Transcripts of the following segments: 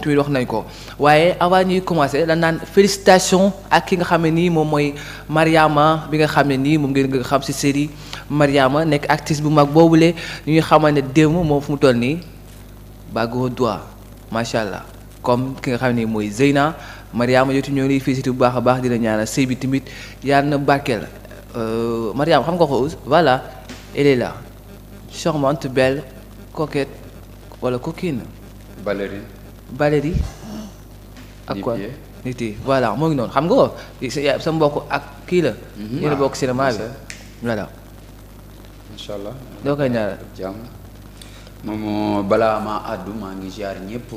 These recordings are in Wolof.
tuuti wax nañ ko waaye avant ñuy commencer la naan félicitation ak ki nga xam ne nii moom mooy Mariama bi nga xam ne nii moom ngeen nga xam ci série Mariama nekk actrice bu mag boobule ñu ngi xamal ne démb moom fu mu toll nii bagoo doit macha allah comme ki nga xam ni mooy Zeyna Mariama yooyu ñoo ngi lay bu baax a baax dina ñaanal sëy bi tamit yàlla na barkeel euh, Mariama xam nga ko voilà elle est charmante belle coquette wala coquine Valérie ak quoi Nité voilà moo ngi noonu xam nga ko sa mbokk ak kii la. Mhm. yéen a bokk cinéma bi voilà. incha allah koy ñaanal maa àddu maa ngi ziar ñëpp.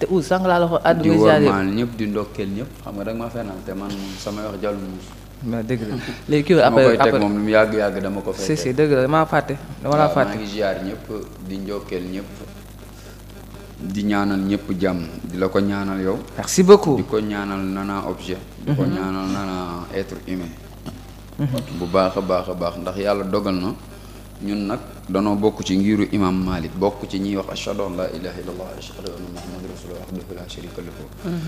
te oust sànq laa la ko àddu nga ziar ñëpp di ndokkeel ñëpp xam nga da ma fenal te man samay wax jàll muus. mais dëgg la moom lu mu yàgg yàgg dama ko. fekk si si dëgg damaa fàtte dama laa fàtte. maa ngi ziar ñëpp di ndokkeel ñëpp. di ñaanal ñëpp jàmm di la ko ñaanal yow. merci di ko ñaanal Nana Objet. di ko mhm. ñaanal Nana être humain. Mhm. bu baax a baax a baax ndax yàlla dogal na ñun nag danoo bokk ci ngiru imam Malik bokk ci ñiy wax ashhadu an la ilaha illallah ashhadu anna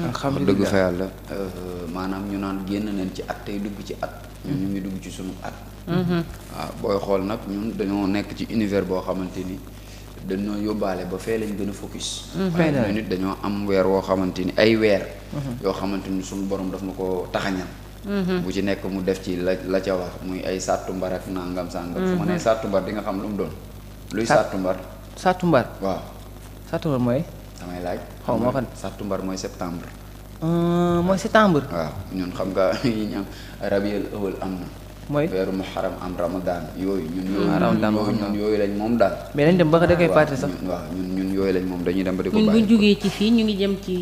mhm, fa yàlla euh, maanaam ñu naan génn nañ ci at tey dugg ci at ñun ñu ngi dugg ci sunu at waaw ah, booy xool nag ñun dañoo nekk ci univers boo xamante ni dañ dañoo yóbbaale ba fee lañ gën a focus. Mm-hmm. waaye nit dañoo am weer woo xamante ni ay weer. Mm-hmm. yoo xamante ni suñu borom daf na ko taxañal. Mm-hmm. bu ci nekk mu def ci la la ca wax muy ay sàttumbar ak nangam sàngam. su ma nee sàttumbar di nga xam lu mu doon. luy sàttumbar. sàttumbar waaw. sàttumbar mooy. samay laaj. xaw ma ko sàttumbar mooy septembre. Euh, mooy septembre. waaw ñun xam nga ñi ñu am rabiul am na. mooy weeru muharram am ramadan yooyu ñun ah, yooyu ñun yooyu lañ moom daal mais dañ dem ba da koy fàtte sax waaw ñun ñun yooyu lañ moom dañuy dem ba di ko bàyyi ñun bu jógee fii ñu ngi jëm ci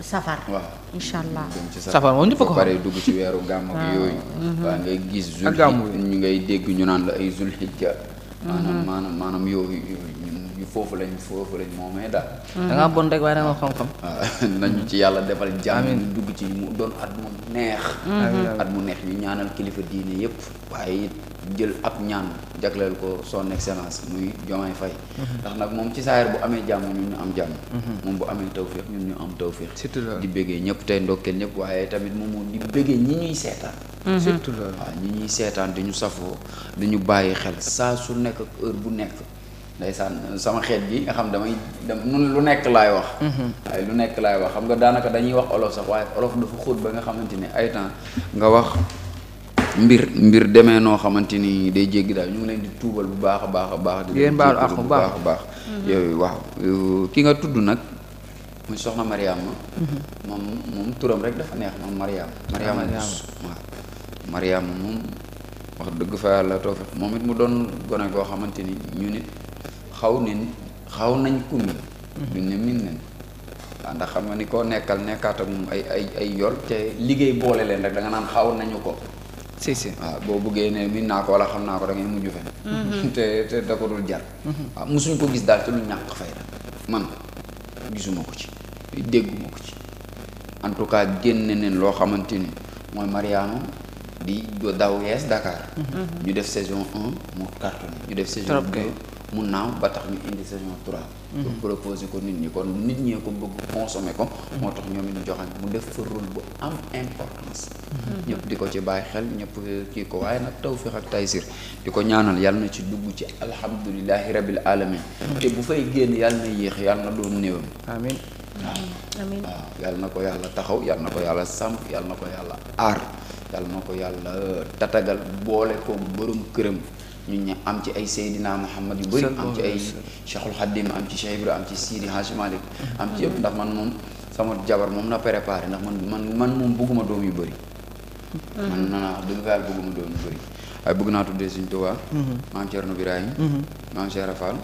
safar waaw incha allah safar moom ñëpp ko pare dugg ci weeru gàmm ak ah. yooyu mhm. waaw ngay gis zul ñu ngay dégg ñu naan la ay zulhijja mhm. maanaam maanaam maanaam yooyu yooyu foofu lañ foofu lañ moomee daal. Mhm. da ngaa bon rek waaye da nga xam-xam. Ah, nañu ci yàlla defal jàmm ñu dugg ci mu doon at mu neex. Mhm. at mu neex ñu ñaanal kilifa diine yëpp. waaye it jël ab ñaan jagleel ko son excellence muy Diomaye Faye. Mhm. ndax nag ci bu amee jàmm ñun ñu am jàmm. moom bu amee tawféex ñun ñu am tawféex. surtout di bëggee di bëggee ñi ñuy seetaan. surtout loolu waaw di ñu safoo di bàyyi xel saa su nekk heure bu nekk. ndeysaan sama xeet gi nga xam damay mun lu nekk laay wax. waaye mhm. lu nekk laay wax xam nga daanaka dañuy wax olof sax waaye olof dafa xóot ba nga xamante ni ay temps nga wax mbir mbir demee noo xamante ni day jéggi daal ñu ngi leen di tuubal bu baax a baax a baax. di leen baalu àq bu baax a baax. Mhm. yooyu waaw ki nga tudd nag. muy soxna Mariama. Mhm. moom moom turam rek dafa neex moom Mariama. Mariama moom wax dëgg fa yàlla toog moom it mu doon gone goo xamante ni xaw ne xaw nañ ko miin mhm. duñ ne miin nañ waaw ndax xam nga ni koo nekkal nekkaat ak ay ay ay yor te liggéey boole leen rek da nga naan xaw nañu ko si si waaw boo buggee ne miin naa ko wala xam naa ko da ngay mujj fen mhm. te te da ko dul jar mhm. waaw mosuñ ko gis daal te lu ñàkk fayda man gisuma ko ci dégguma ko ci en tout cas génne neen loo xamante ni mooy Mariano di daw yees ñu def saison un mu cartonné ñu def saison deux mun naa ba tax ñu indi saison 3. Mhm. pour proposer ko nit ñi kon nit ñee ko bëgg consommer ko. Mhm. moo tax ñoom ñu joxañ mu def fa rôle bu am importance. Mhm. ñëpp di ko ci bàyyi xel ñëpp kii ko waaye nag taw tawfiq ak taysir di ko ñaanal yàlla na ci dugg ci alhamdulilahi rabil alamin te bu fay génn yàlla na yéex yàlla na doon néewam. amiin amiin waaw yàlla na ko yàlla taxaw yàlla na ko yàlla sàmm yàlla na ko yàlla aar yàlla na ko yàlla tatagal boole ko borom këram. ñun ñu am ci ay Seydina Muhammad yu bëri am ci ay Cheikhul Khadim am ci Cheikh am ci Sidi Hajj Malick mhm. am ci yëpp ndax man moom sama jabar moom na préparé ndax man man man moom bëgguma doom yu bëri mhm. man nanaa dëgg yàlla bëgguma doom yu bëri waaye bëgg naa tuddee suñu Tuubaa mhm. maam Cerno Birahim maam Cheikh Rafal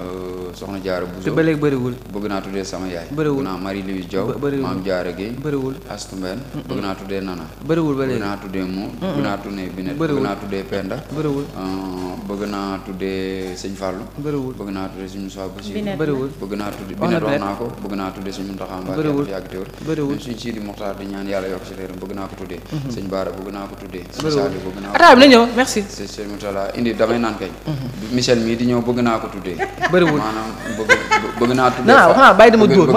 Euh, soxna Diarra Bousso. te ba léegi bëriwul. bëgg naa tuddee sama yaay. bëriwul bëgg naa Marie-Louise Diaw. bëriwul maam Diarra Guèye. bëriwul Astou Mbène. bëgg naa tuddee Nana. bëriwul ba bëgg naa tuddee Mo. bëgg naa tuddee Binet. bëriwul bëgg naa tuddee Penda. bëriwul euh, bëgg naa tuddee Sëñ Fallou. bëriwul bëgg naa tuddee Sëñ Moussa Bassir. Binet bëriwul bëgg naa tuddee Binet wax naa ko bëgg naa tuddee suñu Mountakha Mbacké. bëriwul yàgg teewul. bëriwul Sëñ Sidi Mokhtar di ñaan yàlla yokk si leeram bëgg mm-hmm. bëgg naa ko tuddee. Sëñ Sadi bëgg naa ko tuddee. Ataay bi na ñëw merci. Sëñ Moutala indi damay naan kañ. Mm-hmm. Michel mii di ñëw bëgg naa ko tuddee bëriwul maanaam bëgg naa tuddee non xam naa ba ay dóor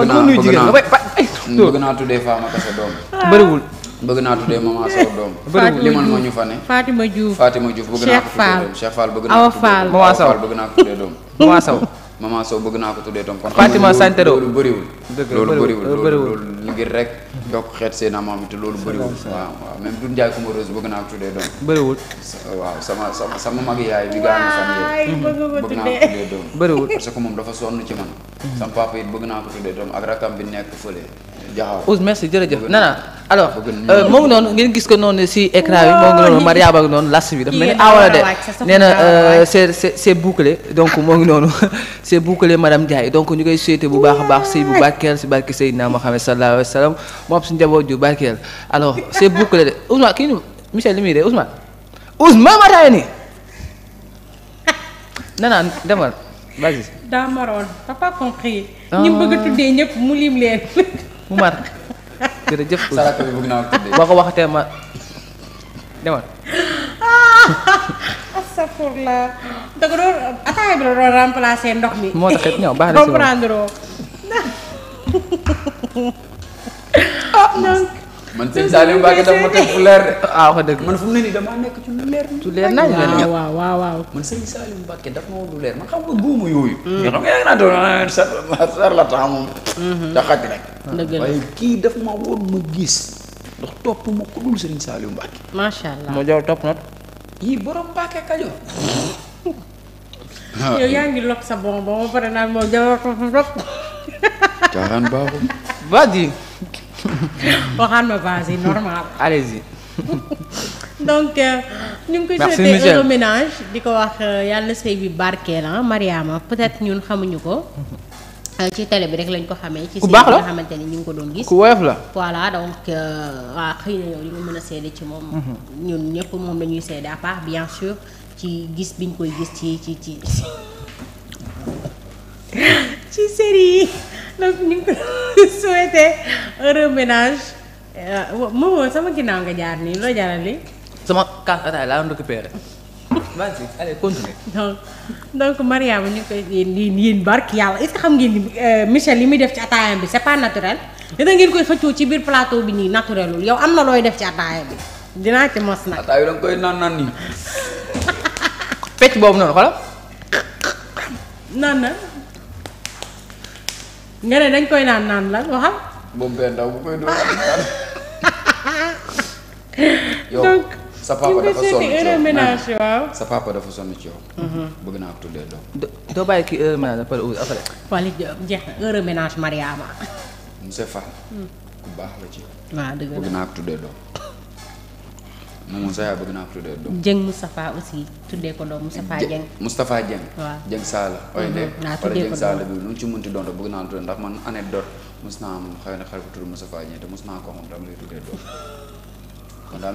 bëgg naa tuddee Fama Kase doom bëriwul bëgg naa tuddee maman Sow doom bëriwul limal moo ñu fa ne Fatima Diouf Fatima Diouf bëgg naa ko tuddee doom Cheikh Fall bëgg naa ko tuddee maman Sow bëgg naa ko tuddee doom maman Sow maman Sow bëgg loolu bëriwul loolu bëriwul ngir rek yokk xeet seen amaam te loolu bëriwul waaw waaw même Doudou Ndiaye Coumba Rose bëgg naa ko tuddee doom bëriwul waaw sama sama sama mag yaay mi gaanu bëgg naa ko tuddee doom bëriwul parce que moom dafa sonn ci man sama papa it bëgg naa ko tuddee doom ak rakam bi nekk fële Ouz merci jërëjëf nana alors euh, moo ngi noonu ngeen gis ko noonu si écran bi moo ngi noonu Mariama noonu las bi dafa mel ni awala de nee na euh, c'est c'est c'est bouclé donc moo ngi noonu c'est bouclé madame Ndiaye donc ñu koy souhaité bu baax a baax sëy bu barkeel si barke Seydina Mohamed sallallahu alayhi sa sallam mu am suñu njaboot ju barkeel alors c'est bouclé de Ousmane kii nu Michel li muy de Ousmane Ousmane ma taay nii nana demal vas ah. mu lim leen Umar jërëjëf. salaatu bi bëgg naa ko tuddee boo ko waxatee ma demal. Ah, astafurlah bi la doon remplacer ndox mi. moo tax it baax na si comprendre donc oh, man sëñ Saliou Mbacké dafa ma teg fu leer de. ah wax dëgg man fu ne nii damaa nekk ci lu leer. lu leer nañ la ah, waaw waaw waaw. man sëñ Saliou Mbacké dafa ma woon lu leer man xam nga góomu yooyu. nga mm. xam nga yaa ngi naan ah, moom. da mm-hmm. xaj rek. dëgg kii dafa ma woon ma gis ndax topp ma ku dul sëñ Saliou Mbacké. macha allah moo jox topp nag. yii caaxaan baaxul. vas-y. waxaan ma vas-y normal. allez-y. donc euh, ñu koy souhaiter heureux ménage di ko wax euh, yàlla na sëy bi barkeel ah Mariama peut-être ñun xamuñu ko. Euh, ci tele bi rek lañ ko xamee. ci sëy bi nga xamante ni ñu ngi ko doon gis. ku woyof la voilà donc waa xëy na yow li mën a seede ci moom. Mhm. ñun ñëpp moom la ñuy seede à part bien ci gis biñ koy gis ci ci ci série donc ñu ngi ko souhaité eh, sama ginnaaw nga jaar nii loo jaaral li sama kaas ataay laa doon récupéré donc donc Mariama ñu koy yéen yéen barki yàlla est que xam ngeen ni euh, Michel li muy def ci ataayam bi c'est pas naturel dina ngeen koy xëccoo ci biir plateau bi nii naturelul yow am na looy def ci ataayam bi dinaa ci mos nag. ataay da koy naan naan nii. fecc boobu noonu xoolal. naan na. nga ne dañ koy naan naan lan waxam. moom benn ndaw bu koy doon yow sa papa dafa sonn sa papa dafa sonn ci yow. Mhm. bëgg naa ko tuddee doom. doo bàyyi kii heure ménage après après. wala jeex na hmm. ku baax la ci. waaw dëgg la bëgg naa ko tuddee doom. moom Moustapha bëgg naa ko tuddee doom. Dieng Moustapha aussi tuddee ko doom Moustapha Dieng. Moustapha Dieng. waaw Dieng mhm. ci mënti bëgg naa tuddee ndax man anecdote mos naa moom xëy na naa ko moom dama lay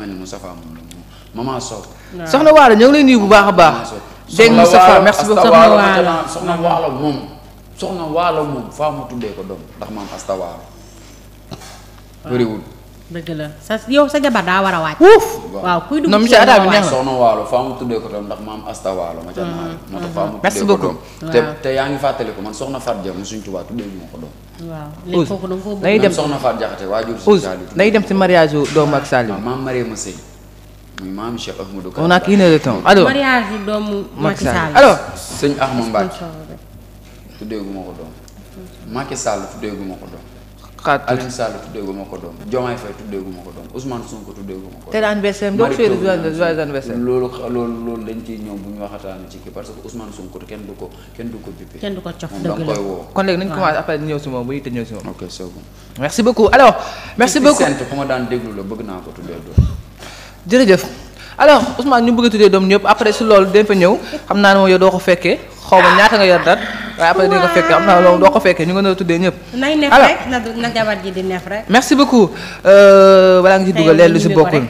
ni Moustapha moom la moom maman Sow. waaw soxna Waalo ñoo ngi lay bu baax a baax. Dieng Moustapha merci beaucoup soxna Waalo soxna Waalo moom. soxna Waalo moom faa ma tuddee ko doom ndax maam Asta Waalo bëriwul dëgg la sa yow sa jabar daa war a wàcc. waaw kuy dugg ci yow daa wàcc soxna waalo faa mu tuddee ko doom ndax maam asta waalo ma mm. mm-hmm. te yaa ngi fàttali ko man soxna Fatou Dia mu suñ tubaa tuddee ñu ma ko doom waaw léegi kooku dem si mariage doomu maam Mariama Sey muy maam Cheikh Ahmadou Ka on a qu'une heure de temps alors mariage yi doomu Macky Sall alors sëñ Ahma Mbacke tuddeeguma ko doom Macky Sall tuddeeguma ko doom xaat Aliou Sall tuddeegu ma ko doom Diomaye Faye tuddeegu ma ko doom Ousmane Sonko te anniversaire donc c'est joyeux anniversaire loolu loolu loolu dañ kenn du ko kenn du ko bippé kenn du ko cof moom da koy woo kon léegi nañ commencé après ñëw si moom bu ñu ñëw si moom merci beaucoup alors merci beaucoup ku ma daan déglu la bëgg naa ko tuddee doom jërëjëf alors Ousmane ñu bëgg tuddee doom ñëpp après si loolu dañ fa ñëw xam naa moom yow doo ko fekkee xaw ma ñaata nga yor dat waaye après di nga ko fekkee am na loolu doo ko fekkee ñu nga doon tuddee ñëpp. merci beaucoup balaa euh, nga ci dugal leen lu si bokkul